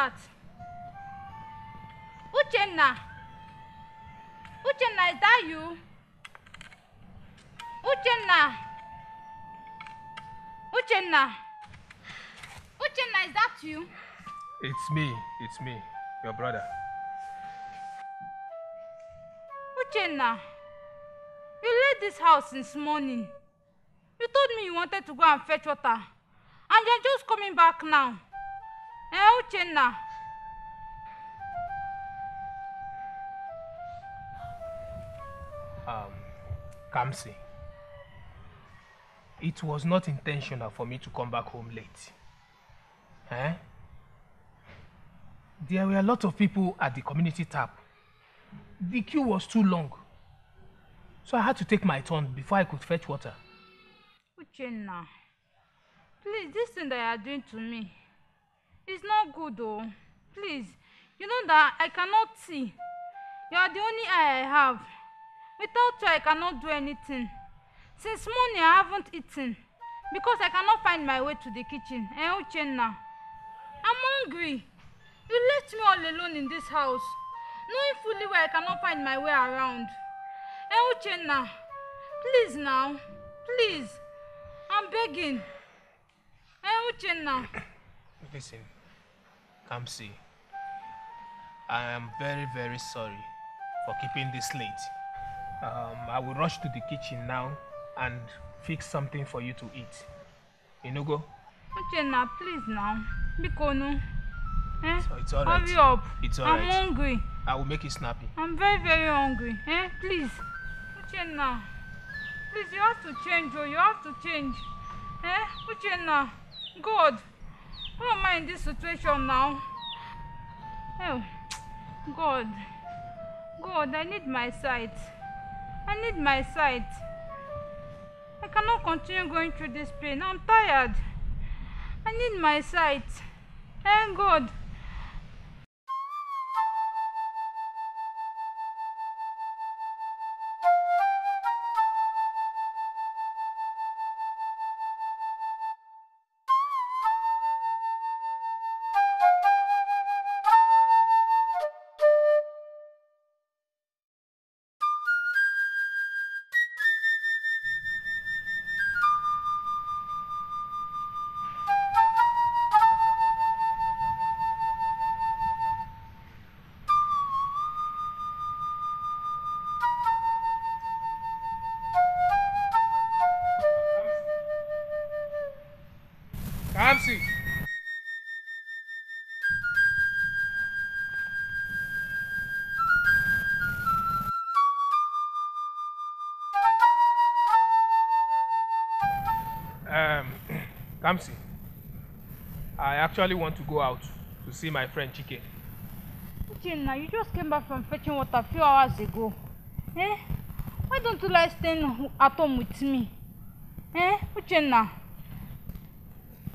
that. Uchenna. Uchenna, is that you? Uchenna. Uchenna. Uchenna, is that you? It's me. It's me, your brother. Uchenna, you left this house since morning. You told me you wanted to go and fetch water, and you're just coming back now. Uchenna. Um, Kamsi, it was not intentional for me to come back home late. Eh? There were a lot of people at the community tap. The queue was too long. So I had to take my turn before I could fetch water. Uchenna, please, this thing that you are doing to me, It's not good, oh! Please, you know that I cannot see. You are the only eye I have. Without you, I cannot do anything. Since morning, I haven't eaten because I cannot find my way to the kitchen. Eh, Uchenna? I'm hungry. You left me all alone in this house, knowing fully well I cannot find my way around. Eh, Uchenna? Please now, please. I'm begging. Eh, Uchenna? Listen. Kamsi. I am very, very sorry for keeping this late. Um, I will rush to the kitchen now and fix something for you to eat. Inugo? Uchenna, please now. Bikonu. Eh? it's alright. Hurry up. It's alright. I'm hungry. I will make it snappy. I'm very, very hungry. Eh? Please. Uchenna. Please, you have to change, oh. You have to change. Eh? Uchenna. God. Why am I in this situation now? Oh, God. God, I need my sight. I need my sight. I cannot continue going through this pain. I'm tired. I need my sight. Thank God. Um, Kamsi, I actually want to go out to see my friend Chike. Chike, now you just came back from fetching water a few hours ago. Eh? Why don't you like staying at home with me? Eh? Uchenna?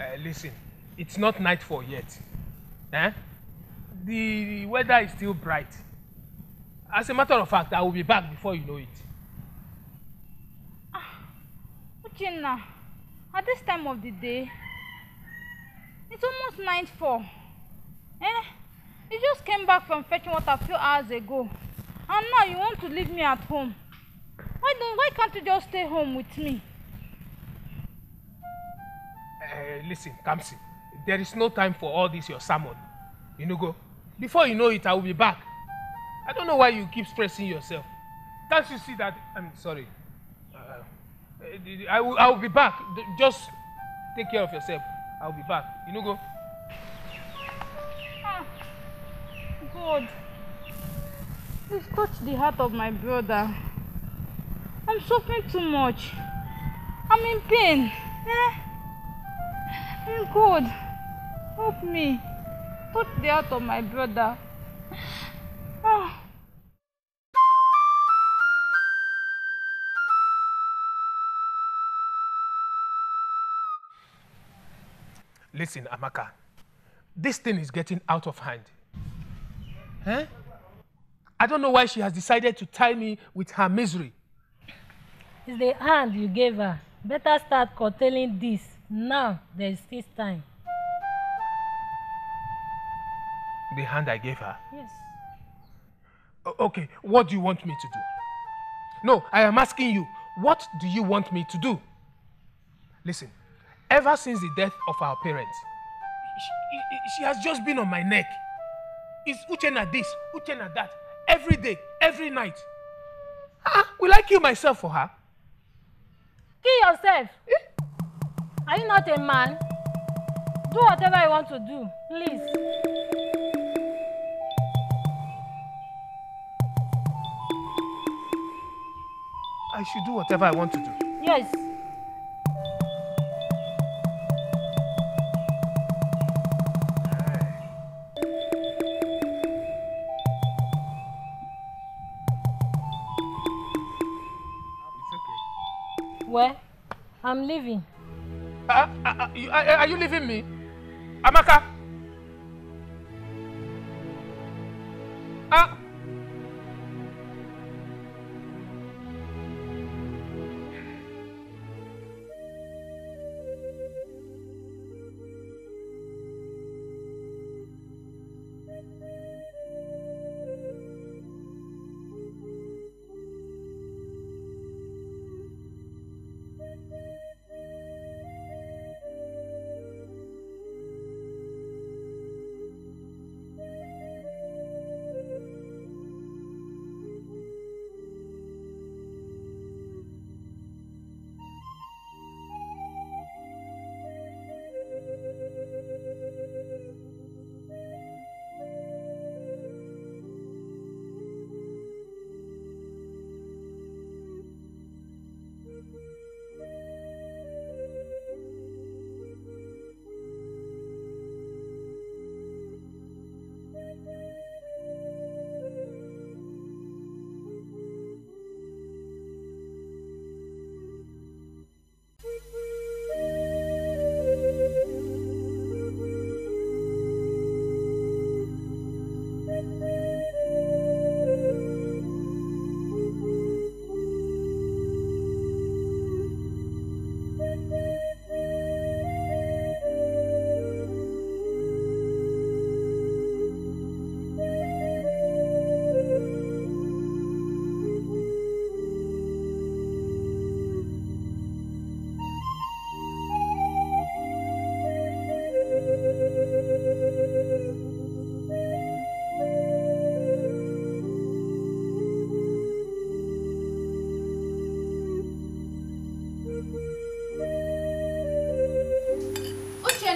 Uh, listen, it's not nightfall yet. Eh? The weather is still bright. As a matter of fact, I will be back before you know it. Ah, Uchenna at this time of the day it's almost 9:04 eh you just came back from fetching water a few hours ago and now you want to leave me at home why don't why can't you just stay home with me uh, listen kamsi there is no time for all this your sermon you know go before you know it i will be back i don't know why you keep stressing yourself can't you see that i'm sorry I will, I will be back. Just take care of yourself. I'll be back. You know, go. Ah, God. You've touched the heart of my brother. I'm suffering too much. I'm in pain. Eh? I'm eh, God, help me. Touch the heart of my brother. Listen, Amaka, this thing is getting out of hand. Huh? I don't know why she has decided to tie me with her misery. It's the hand you gave her. Better start curtailing this. Now there is still time. The hand I gave her? Yes. okay, what do you want me to do? No, I am asking you, what do you want me to do? Listen, ever since the death of our parents. She, she has just been on my neck. It's Uchenna this, Uchenna that, every day, every night. Ah, will I kill myself for her? Kill yourself? Eh? Are you not a man? Do whatever you want to do, please. I should do whatever I want to do. Yes. Where I'm leaving. Uh, uh, uh, you, uh, uh are you leaving me? Amaka,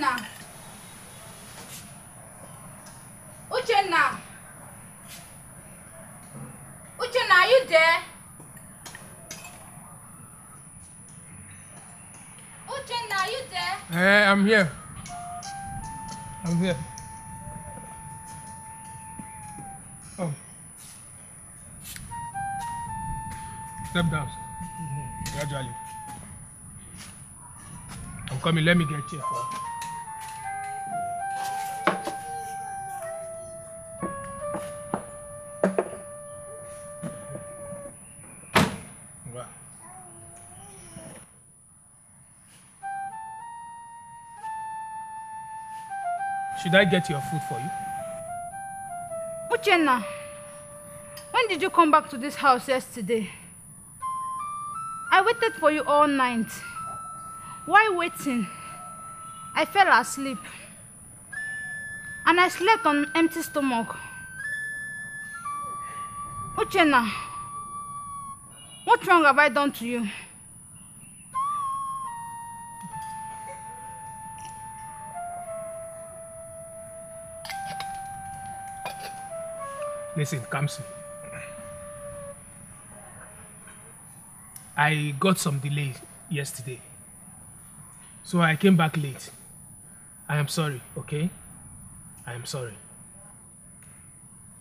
Uchenna Uchenna Uchenna are you there Uchenna are you there Hey eh, I'm here I'm here Oh Step down gradually I'm coming let me get you Should I get your food for you? Uchenna, when did you come back to this house yesterday? I waited for you all night. Why waiting? I fell asleep. And I slept on empty stomach. Uchenna, what wrong have I done to you? Listen, Kamsi. I got some delay yesterday. So I came back late. I am sorry, okay? I am sorry.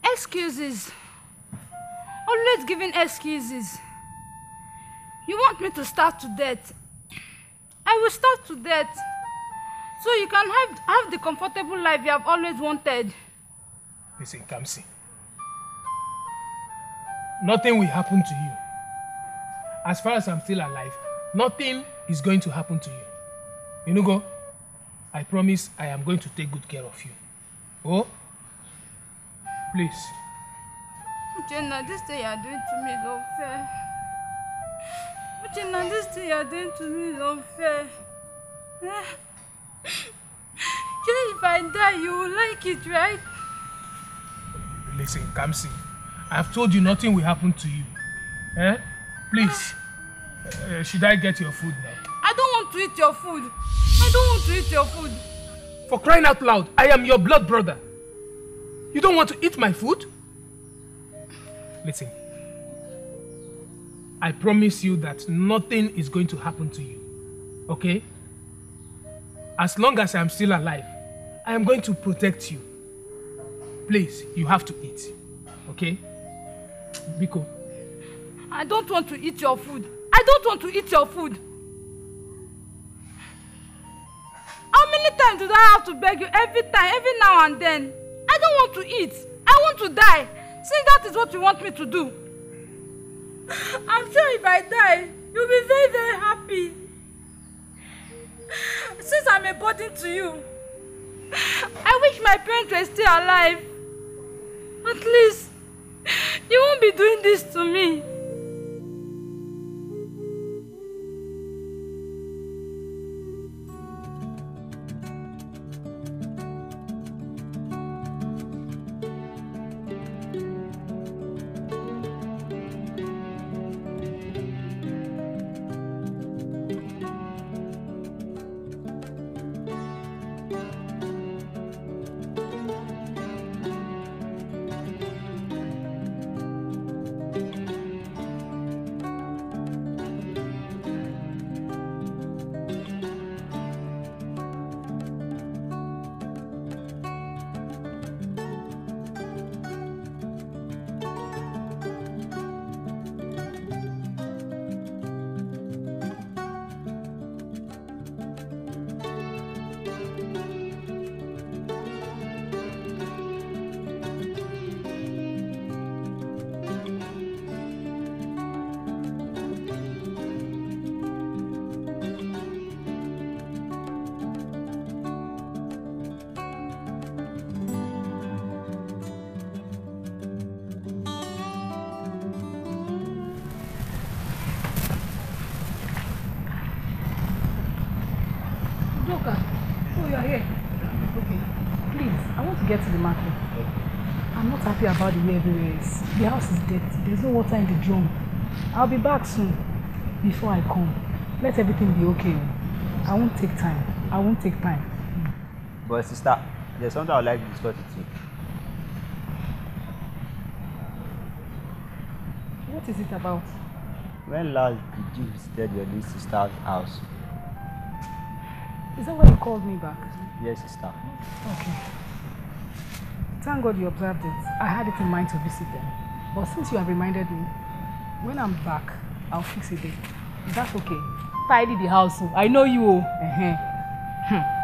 Excuses. Always giving excuses. You want me to start to death. I will start to death. So you can have, have the comfortable life you have always wanted. Listen, see nothing will happen to you. As far as I'm still alive, nothing is going to happen to you. Inugo, I promise I am going to take good care of you. Oh? Please. Jenna, this thing you are doing to me is unfair. Jenna, this thing you are doing to me is unfair. Jenna, if I die, you will like it, right? Listen, come see. I've told you nothing will happen to you. Eh? Please, uh, should I get your food now? I don't want to eat your food. I don't want to eat your food. For crying out loud, I am your blood brother. You don't want to eat my food? Listen. I promise you that nothing is going to happen to you. Okay? As long as I'm still alive, I am going to protect you. Please, you have to eat. Okay? Biko. I don't want to eat your food. I don't want to eat your food. How many times do I have to beg you? Every time, every now and then. I don't want to eat. I want to die. Since that is what you want me to do. I'm sure if I die, you'll be very, very happy. Since I'm a burden to you, I wish my parents were still alive. At least Look, ah, oh, you are here. Okay, please, I want to get to the market. I'm not happy about the way everywhere is. The house is dirty. There's no water in the drum. I'll be back soon. Before I come, let everything be okay. I won't take time. I won't take time. But sister, there's something I'd like to discuss with you. What is it about? When last did you visit your little sister's house? Is that why you called me back? Yes, sister. Okay. Thank God you observed it. I had it in mind to visit them. But since you have reminded me, when I'm back, I'll fix it. Then. Is that okay? Tidy the house. I know you. Uh -huh. Hmm.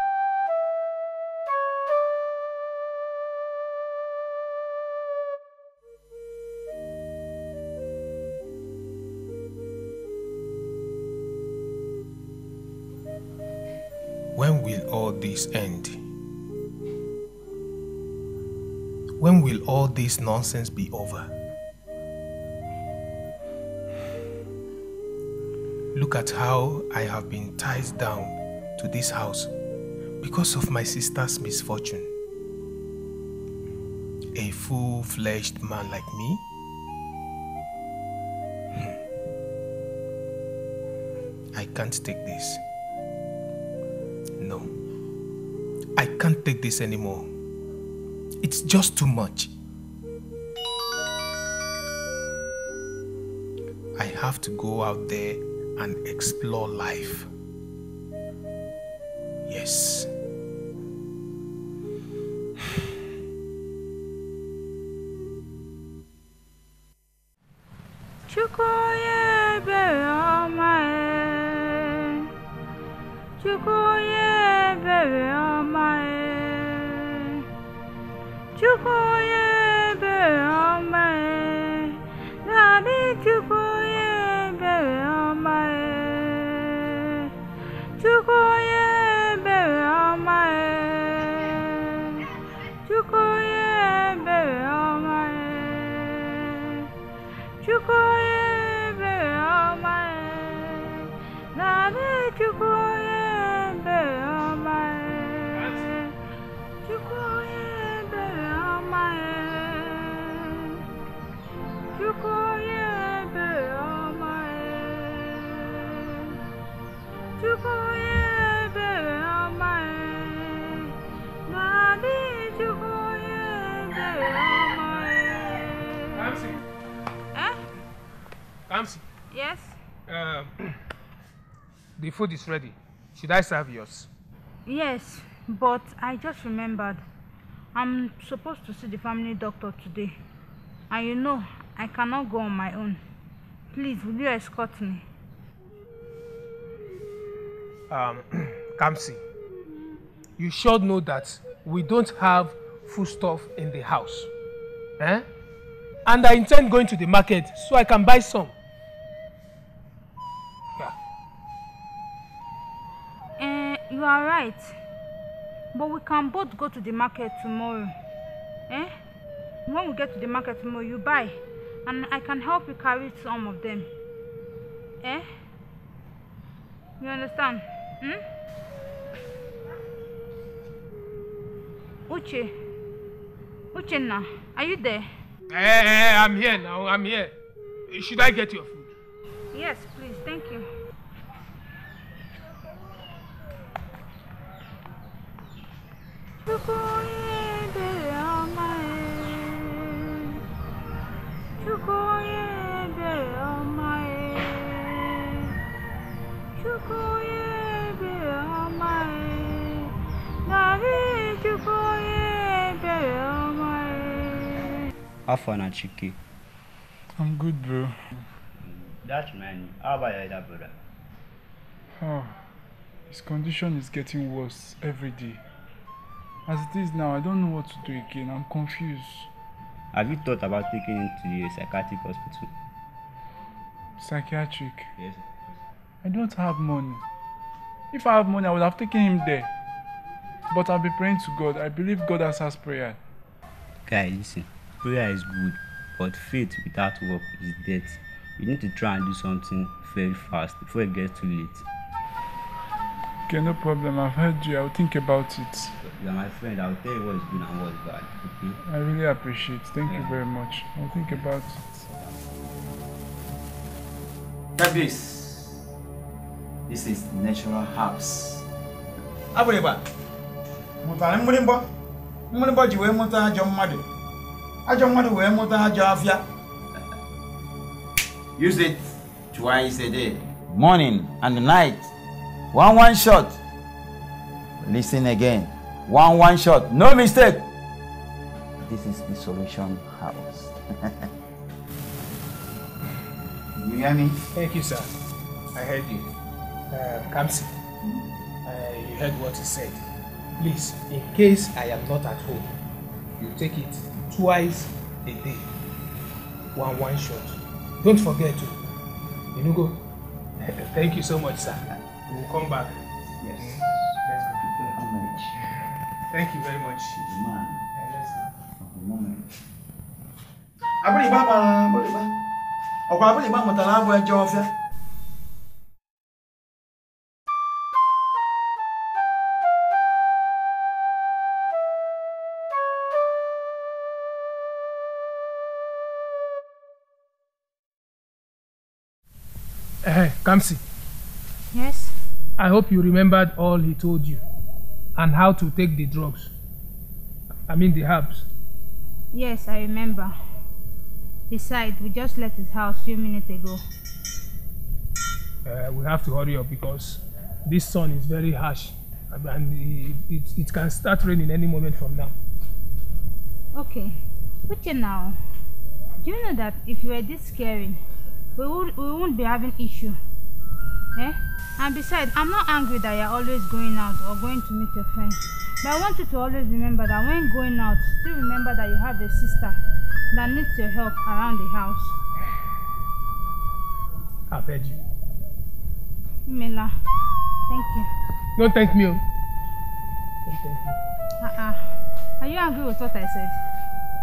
this end? When will all this nonsense be over? Look at how I have been tied down to this house because of my sister's misfortune. A full fledged man like me? Hmm. I can't take this. can't take this anymore. It's just too much. I have to go out there and explore life. Yes. 就好耶。Kamsi. Yes. Um, the food is ready. Should I serve yours? Yes, but I just remembered. I'm supposed to see the family doctor today. And you know, I cannot go on my own. Please, will you escort me? um, Kamsi, you should know that we don't have foodstuff in the house. Eh? And I intend going to the market so I can buy some. Yeah. Uh, you are right. But we can both go to the market tomorrow. Eh? When we get to the market tomorrow, you buy. And I can help you carry some of them. Eh? You understand? Hmm? Uche. Uchenna, are you there? Hey, eh, eh, hey, eh, I'm here now. I'm here. Should I get your food? Yes, please. Thank you. Cuckoo! How far now, Chiki? I'm good, bro. That man, how about your other brother? Oh, his condition is getting worse every day. As it is now, I don't know what to do again. I'm confused. Have you thought about taking him to a psychiatric hospital? Psychiatric? Yes. I don't have money. If I have money, I would have taken him there. But I'll be praying to God. I believe God answers prayer. Guy, okay, listen prayer is good, but faith without work is dead. You need to try and do something very fast before it gets too late. Okay, no problem. I've heard you. I'll think about it. You're my friend. I'll tell you what's good and what's bad. Okay? I really appreciate it. Thank yeah. you very much. I'll think about it. Kabis, this is natural herbs. Abụrịba, mụtara mgbịrịmgbọ, mgbịrịmgbọ ji mụta ajọ ajọ mmadụ wee mụta ajọ afịa use it twice a day morning and night one one shot listen again one one shot no mistake this is the solution house you hear me thank you sir i heard you uh, kamsi uh, you heard what he said please in case i am not at home you take it twice a day one one shot don't forget to you know go thank you so much sir we will come back yes let's go to the village thank you very much man abúlé bá mọ abúlé bá ọkọ abúlé bá mọ tàlà abọ ẹjọ ọfẹ. Ramsey. Yes? I hope you remembered all he told you and how to take the drugs. I mean the herbs. Yes, I remember. Besides, we just left his house a few minutes ago. Uh, we have to hurry up because this sun is very harsh and it, it, it can start raining any moment from now. Okay, but you now, do you know that if you were this caring, we, would, we won't be having issue Eh? And besides, I'm not angry that you're always going out or going to meet your friends. But I want you to always remember that when going out, still remember that you have a sister that needs your help around the house. I've heard you. Mela, thank you. Don't thank me. Don't oh. thank me. Uh-uh. Are you angry with what I said?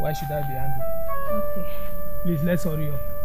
Why should I be angry? Okay. Please, let's hurry up.